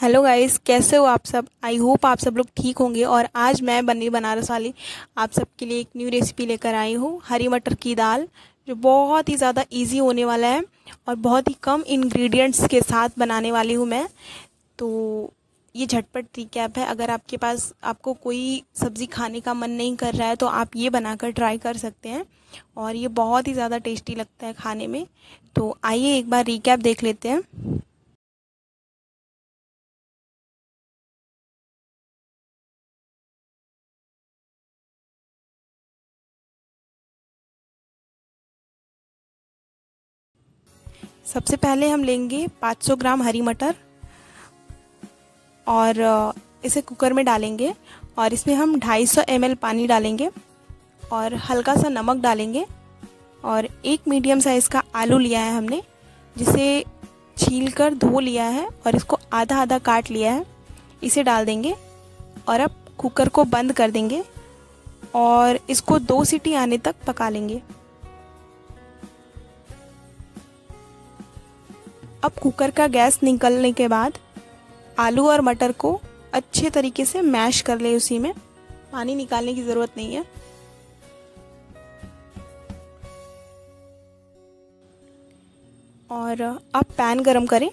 hello guys कैसे हो आप सब आई होप आप सब लोग ठीक होंगे और आज मैं बनी बनारस वाली आप सबके लिए एक न्यू रेसिपी लेकर आई हूँ हरी मटर की दाल जो बहुत ही ज़्यादा इजी होने वाला है और बहुत ही कम इंग्रेडिएंट्स के साथ बनाने वाली हूँ मैं तो ये झटपट रिकैप है अगर आपके पास आपको कोई सब्ज़ी खाने का मन नहीं कर रहा है तो आप ये बनाकर ट्राई कर सकते हैं और ये बहुत ही ज़्यादा टेस्टी लगता है खाने में तो आइए एक बार रिकैप देख लेते हैं सबसे पहले हम लेंगे 500 ग्राम हरी मटर और इसे कुकर में डालेंगे और इसमें हम 250 सौ पानी डालेंगे और हल्का सा नमक डालेंगे और एक मीडियम साइज़ का आलू लिया है हमने जिसे छील कर धो लिया है और इसको आधा आधा काट लिया है इसे डाल देंगे और अब कुकर को बंद कर देंगे और इसको दो सीटी आने तक पका लेंगे अब कुकर का गैस निकलने के बाद आलू और मटर को अच्छे तरीके से मैश कर ले उसी में पानी निकालने की ज़रूरत नहीं है और अब पैन गरम करें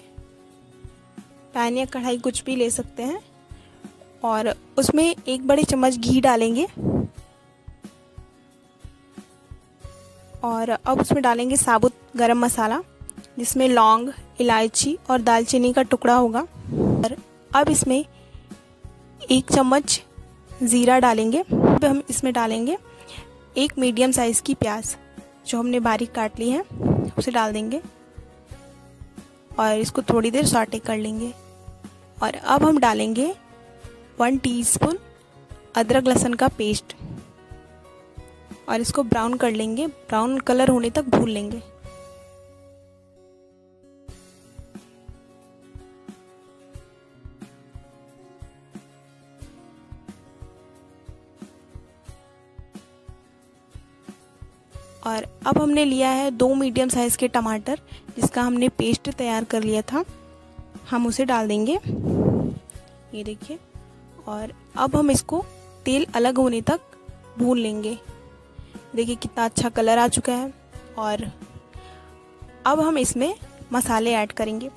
पैन या कढ़ाई कुछ भी ले सकते हैं और उसमें एक बड़े चम्मच घी डालेंगे और अब उसमें डालेंगे साबुत गरम मसाला जिसमें लौंग इलायची और दालचीनी का टुकड़ा होगा और अब इसमें एक चम्मच ज़ीरा डालेंगे अब हम इसमें डालेंगे एक मीडियम साइज़ की प्याज जो हमने बारीक काट ली है उसे डाल देंगे और इसको थोड़ी देर सॉटे कर लेंगे और अब हम डालेंगे वन टीस्पून अदरक लहसुन का पेस्ट और इसको ब्राउन कर लेंगे ब्राउन कलर होने तक भून लेंगे और अब हमने लिया है दो मीडियम साइज़ के टमाटर जिसका हमने पेस्ट तैयार कर लिया था हम उसे डाल देंगे ये देखिए और अब हम इसको तेल अलग होने तक भून लेंगे देखिए कितना अच्छा कलर आ चुका है और अब हम इसमें मसाले ऐड करेंगे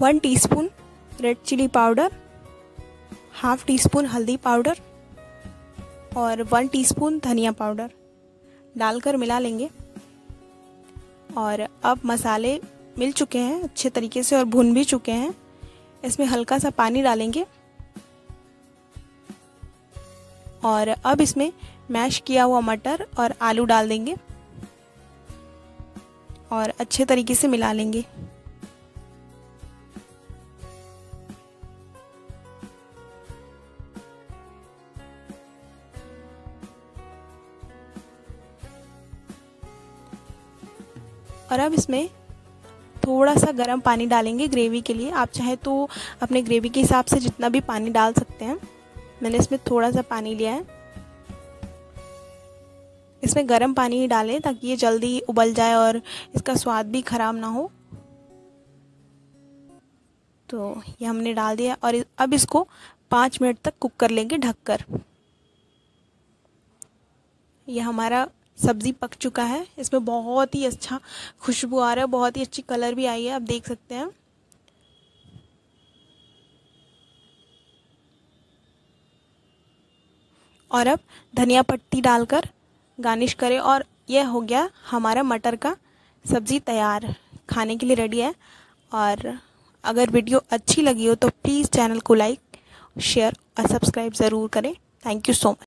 one teaspoon red chilli powder half teaspoon हल्दी पाउडर और वन टीस्पून धनिया पाउडर डालकर मिला लेंगे और अब मसाले मिल चुके हैं अच्छे तरीके से और भुन भी चुके हैं इसमें हल्का सा पानी डालेंगे और अब इसमें मैश किया हुआ मटर और आलू डाल देंगे और अच्छे तरीके से मिला लेंगे और अब इसमें थोड़ा सा गर्म पानी डालेंगे ग्रेवी के लिए आप चाहे तो अपने ग्रेवी के हिसाब से जितना भी पानी डाल सकते हैं मैंने इसमें थोड़ा सा पानी लिया है इसमें गर्म पानी ही डालें ताकि ये जल्दी उबल जाए और इसका स्वाद भी ख़राब ना हो तो ये हमने डाल दिया और अब इसको पाँच मिनट तक कुक कर लेंगे ढककर यह हमारा सब्ज़ी पक चुका है इसमें बहुत ही अच्छा खुशबू आ रहा है बहुत ही अच्छी कलर भी आई है आप देख सकते हैं और अब धनिया पत्ती डालकर गार्निश करें और यह हो गया हमारा मटर का सब्ज़ी तैयार खाने के लिए रेडी है और अगर वीडियो अच्छी लगी हो तो प्लीज़ चैनल को लाइक शेयर और सब्सक्राइब ज़रूर करें थैंक यू सो मच